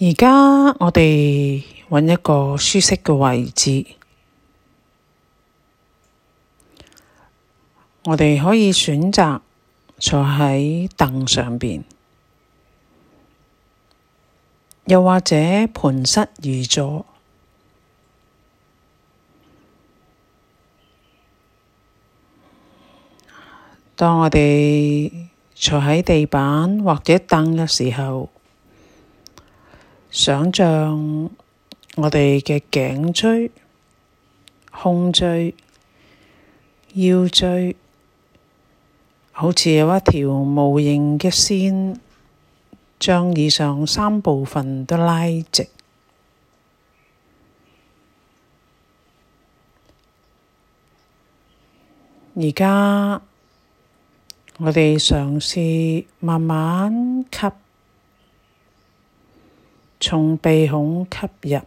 而家我哋搵一個舒適嘅位置，我哋可以選擇坐喺凳上邊，又或者盤膝而坐。當我哋坐喺地板或者凳嘅時候。想象我哋嘅頸椎、胸椎、腰椎，好似有一條無形嘅線，將以上三部分都拉直。而家我哋嘗試慢慢吸。從鼻孔吸入，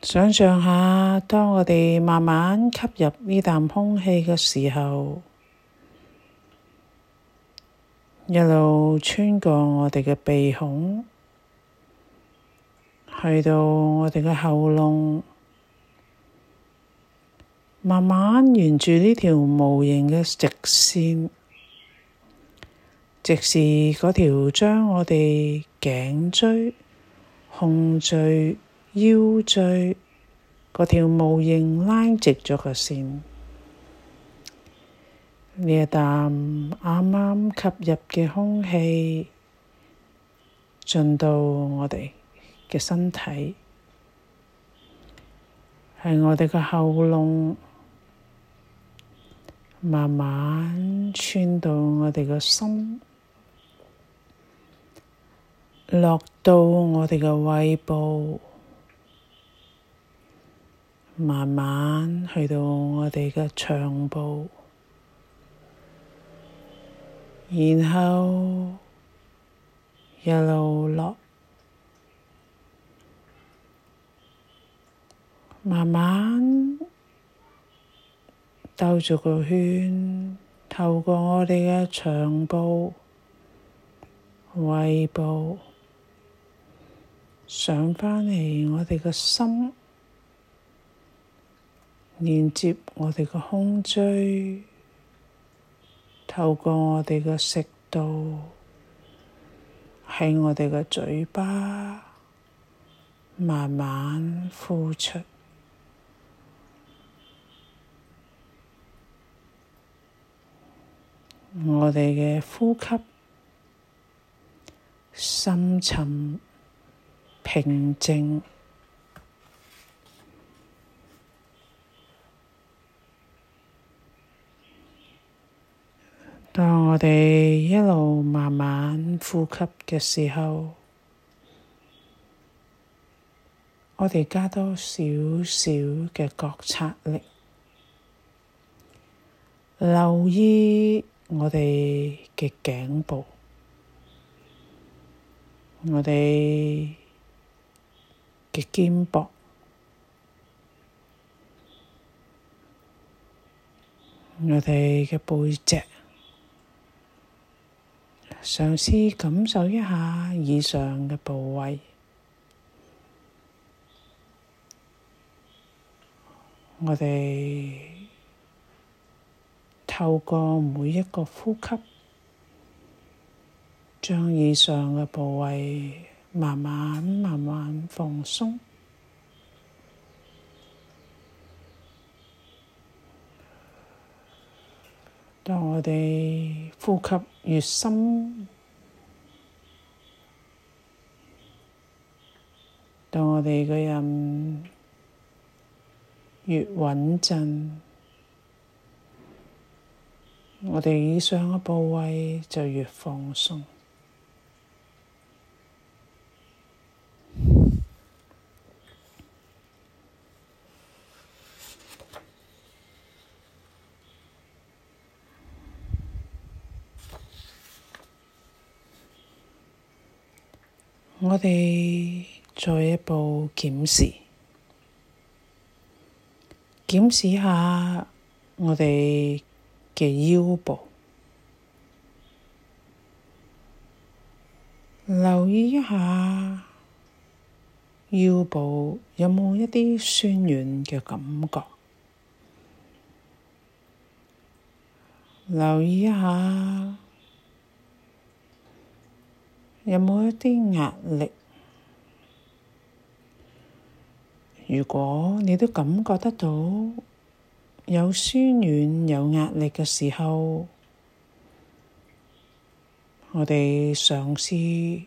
想像下，當我哋慢慢吸入呢啖空氣嘅時候，一路穿過我哋嘅鼻孔，去到我哋嘅喉嚨，慢慢沿住呢條無形嘅直線。即係嗰條將我哋頸椎、胸椎、腰椎嗰條無形拉直咗嘅線，呢一啖啱啱吸入嘅空氣進到我哋嘅身體，喺我哋個喉嚨慢慢穿到我哋個心。落到我哋嘅胃部，慢慢去到我哋嘅腸部，然後一路落，慢慢兜住個圈，透過我哋嘅腸部、胃部。上返嚟，我哋個心連接我哋個胸椎，透過我哋個食道喺我哋個嘴巴慢慢呼出我哋嘅呼吸深沉。平靜。當我哋一路慢慢呼吸嘅時候，我哋加多少少嘅覺察力，留意我哋嘅頸部，我哋，嘅肩膊，我哋嘅背脊，嘗試感受一下以上嘅部位。我哋們透過每一個呼吸，將以上嘅部位。慢慢、慢慢放鬆。當我哋呼吸越深，當我哋嘅人越穩陣，我哋以上嘅部位就越放鬆。我哋再一步檢視，檢視下我哋嘅腰部，留意一下腰部有冇一啲酸軟嘅感覺，留意一下。有冇一啲壓力？如果你都感覺得到有酸軟、有壓力嘅時候，我哋嘗試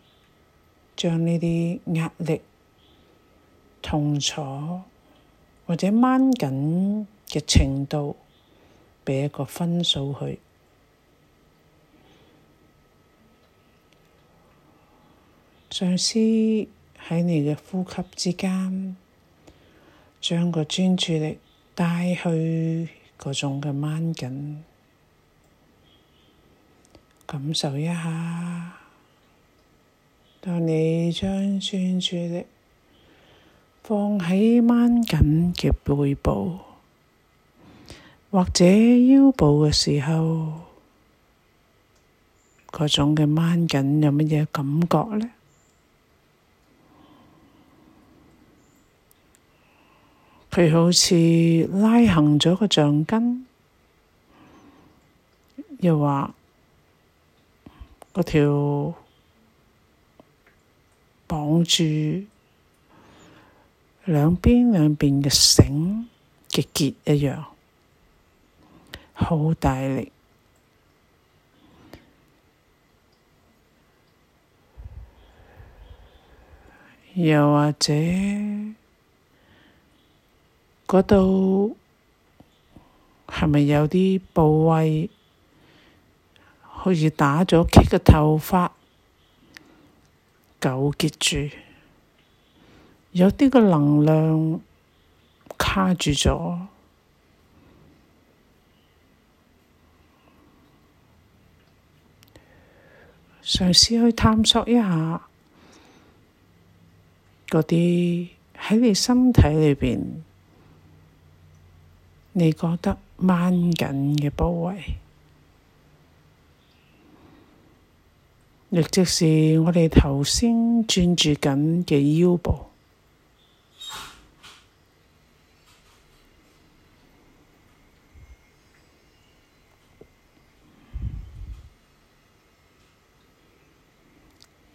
將呢啲壓力、痛楚或者掹緊嘅程度，畀一個分數去。上司喺你嘅呼吸之間，將個專注力帶去嗰種嘅掹緊，感受一下。當你將專注力放喺掹緊嘅背部或者腰部嘅時候，嗰種嘅掹緊有乜嘢感覺呢？佢好似拉行咗個橡筋，又話嗰條綁住兩邊兩邊嘅繩嘅結一樣，好大力，又或者，嗰度係咪有啲部位好似打咗結嘅頭髮，糾結住，有啲個能量卡住咗，嘗試去探索一下嗰啲喺你身體裏邊。你覺得掹緊嘅部位，亦即是我哋頭先轉住緊嘅腰部，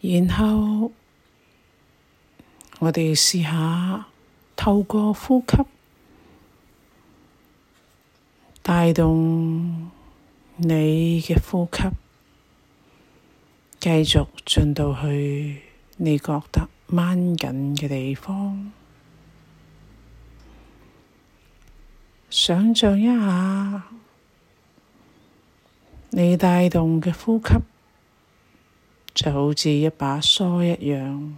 然後我哋試下透過呼吸。帶動你嘅呼吸，繼續進到去你覺得掹緊嘅地方。想像一下，你帶動嘅呼吸就好似一把梳一樣。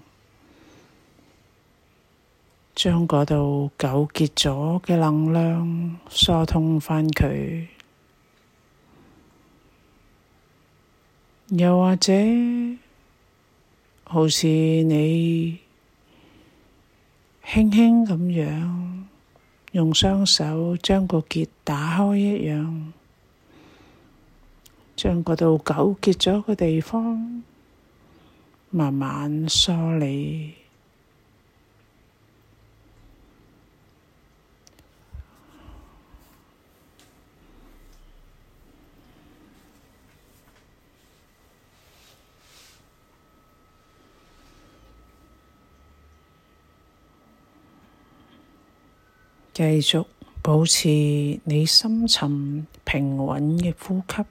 將嗰度糾結咗嘅能量疏通返佢，又或者好似你輕輕咁樣用雙手將個結打開一樣，將嗰度糾結咗嘅地方慢慢梳理。繼續保持你深沉平穩嘅呼吸，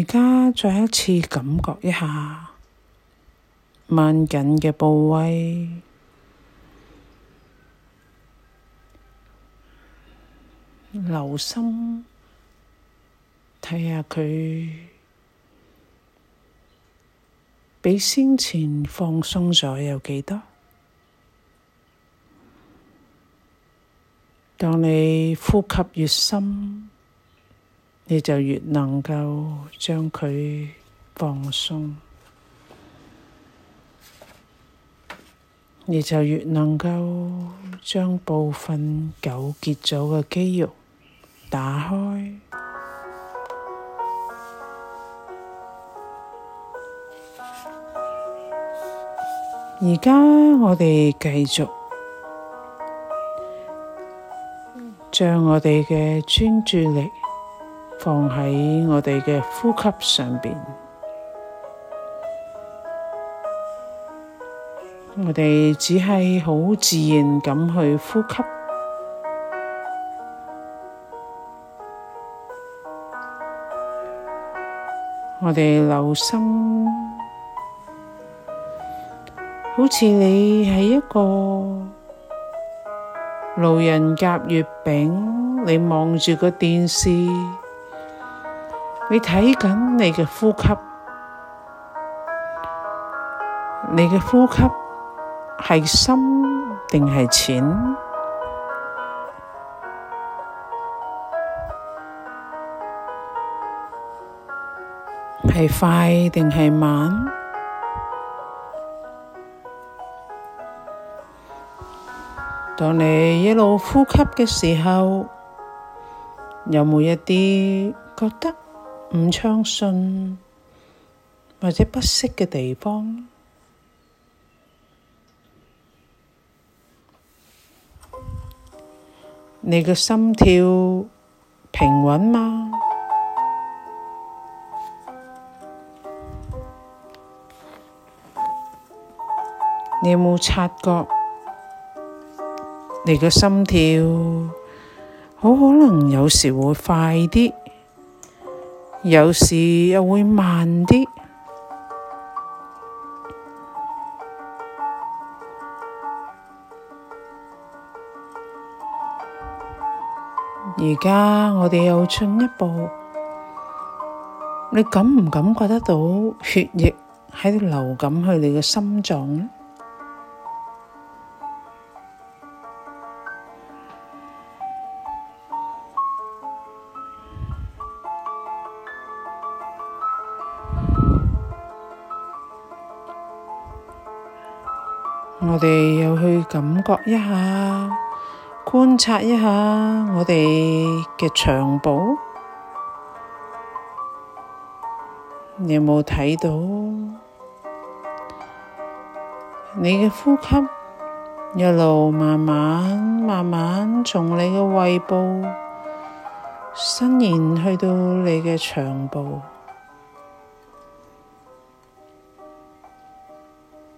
而家再一次感覺一下慢緊嘅部位，留心睇下佢，看看比先前放鬆咗有幾多？當你呼吸越深，你就越能夠將佢放鬆，你就越能夠將部分糾結咗嘅肌肉打開。而家我哋繼續將我哋嘅專注力放喺我哋嘅呼吸上面，我哋只係好自然咁去呼吸，我哋留心。好似你係一個路人甲乙丙，你望住個電視，你睇緊你嘅呼吸，你嘅呼吸係深定係淺，係快定係慢？當你一路呼吸嘅時候，有冇一啲覺得唔暢順或者不適嘅地方？你嘅心跳平穩嗎？你有冇察覺？你嘅心跳好可能有時會快啲，有時又會慢啲。而家我哋又進一步，你感唔感覺得到血液喺度流緊去你嘅心臟？我哋又去感覺一下，觀察一下我哋嘅腸部，你有冇睇到？你嘅呼吸一路慢慢慢慢從你嘅胃部伸延去到你嘅腸部、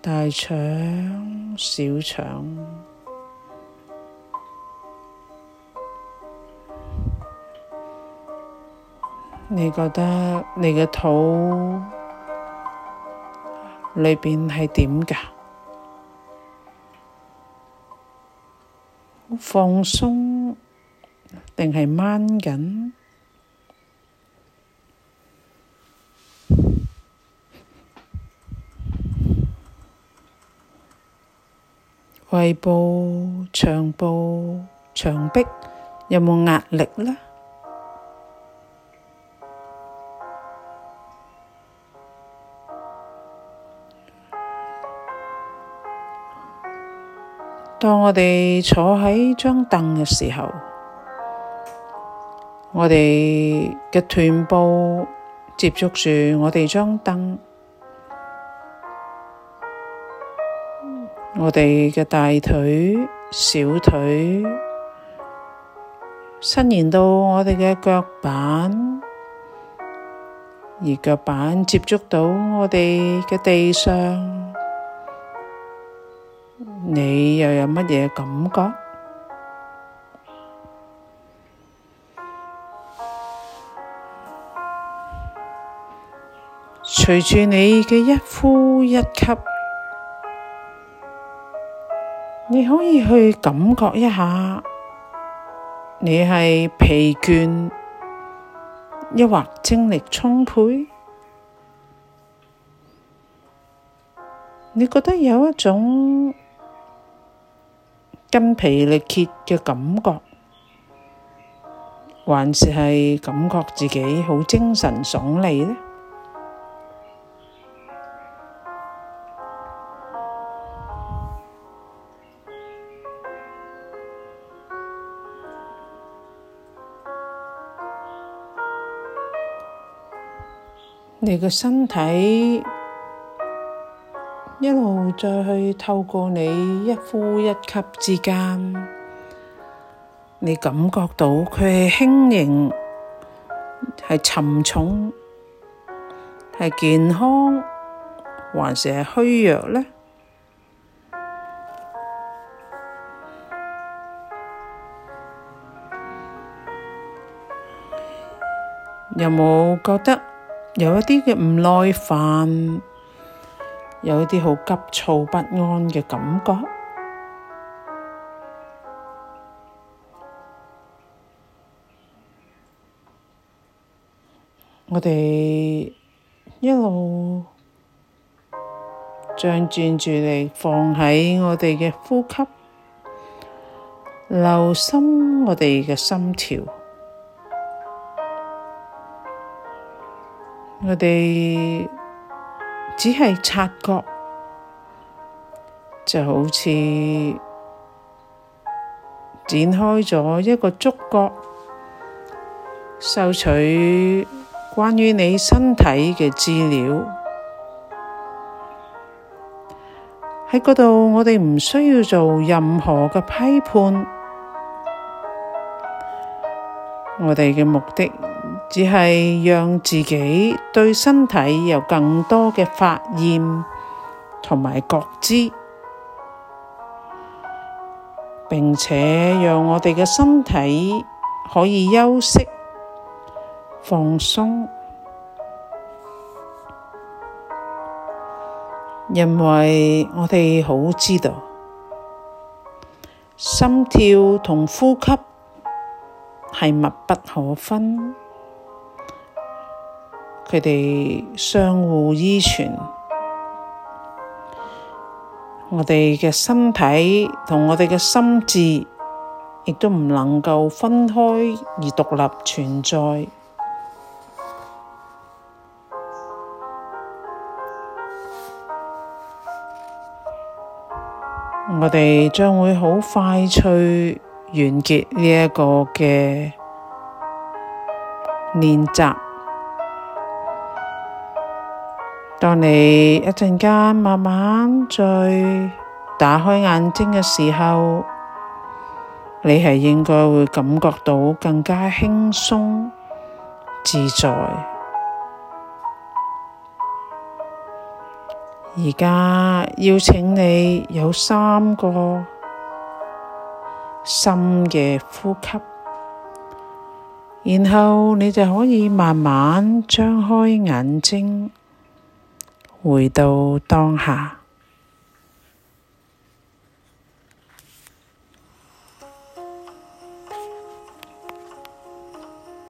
大腸。小腸，你覺得你嘅肚裏邊係點㗎？放鬆定係掹緊？胃部、腸部、牆壁有冇壓力呢？當我哋坐喺張凳嘅時候，我哋嘅臀部接觸住我哋張凳。我哋嘅大腿、小腿伸延到我哋嘅腳板，而腳板接觸到我哋嘅地上，你又有乜嘢感覺？隨住你嘅一呼一吸。你可以去感覺一下，你係疲倦，抑或精力充沛？你覺得有一種筋疲力竭嘅感覺，還是係感覺自己好精神爽利呢？你嘅身體一路再去透過你一呼一吸之間，你感覺到佢係輕盈，係沉重，係健康，還是係虛弱呢？有冇覺得？有一啲嘅唔耐煩，有一啲好急躁不安嘅感覺。 我哋一路將 專注力放喺我哋嘅呼吸，留心我哋嘅心跳。我哋只係察覺，就好似展開咗一個觸角，收取關於你身體嘅資料。喺嗰度，我哋唔需要做任何嘅批判，我哋嘅目的。只係讓自己對身體有更多嘅發現同埋覺知，並且讓我哋嘅身體可以休息、放鬆。因為我哋好知道心跳同呼吸係密不可分。佢哋相互依存，我哋嘅身體同我哋嘅心智亦都唔能夠分開而獨立存在。我哋將會好快脆完結呢一個嘅練習。你一陣間慢慢再打開眼睛嘅時候，你係應該會感覺到更加輕鬆自在。而家邀請你有三個深嘅呼吸，然後你就可以慢慢張開眼睛。回到當下。